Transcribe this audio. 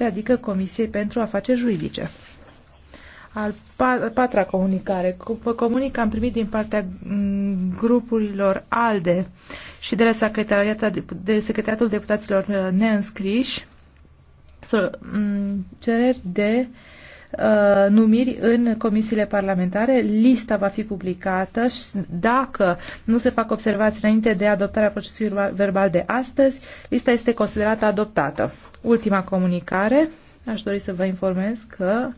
adică Comisiei pentru Afaceri Juridice. Al patra comunicare. Comunic am primit din partea mm, grupurilor ALDE și de la Secretariatul, de Secretariatul Deputaților uh, Neînscriși mm, cereri de Uh, numiri în comisiile parlamentare. Lista va fi publicată și dacă nu se fac observații înainte de adoptarea procesului verbal de astăzi, lista este considerată adoptată. Ultima comunicare. Aș dori să vă informez că